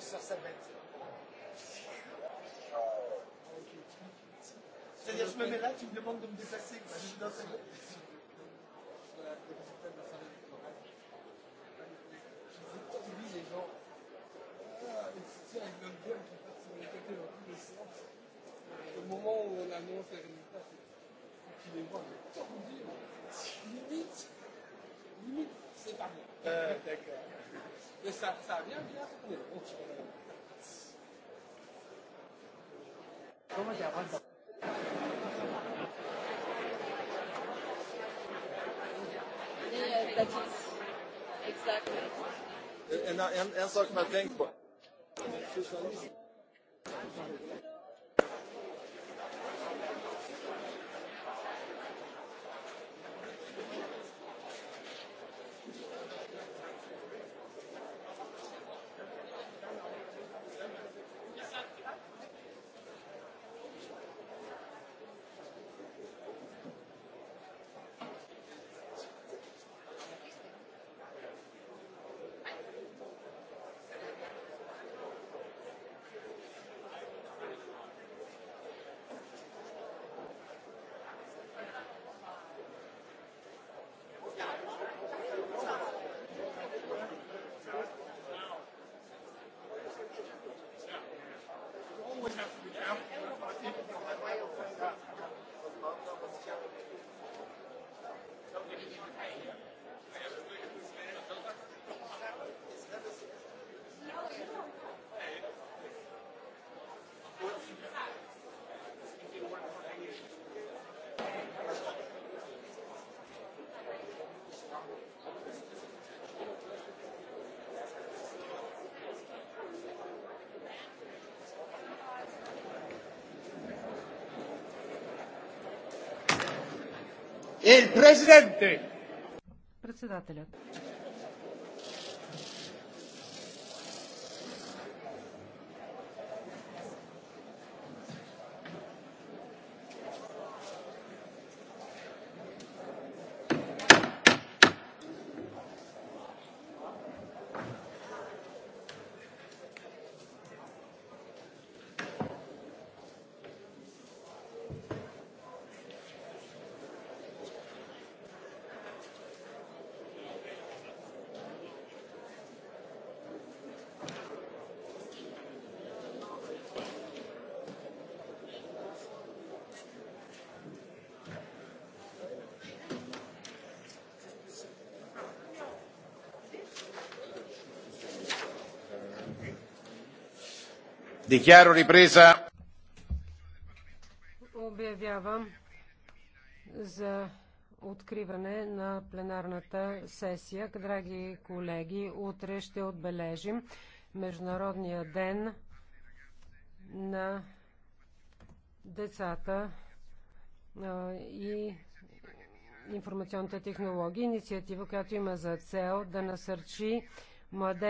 sur sa bête. C'est-à-dire, je me mets là, tu me demandes de me déplacer, Je suis dans sa les gens. Le moment où on annonce les résultats, c'est les tordus. Limite, limite, c'est pas bon. Euh, D'accord. でささビアビアとかで大きくなる。Tómate, aguanta. Yeah, that is exactly. And, and, and so my thanks for. Е, президенти. Председателят. Обявявам за откриване на пленарната сесия. Драги колеги, утре ще отбележим Международния ден на децата и информационните технологии. Инициатива, която има за цел да насърчи младежите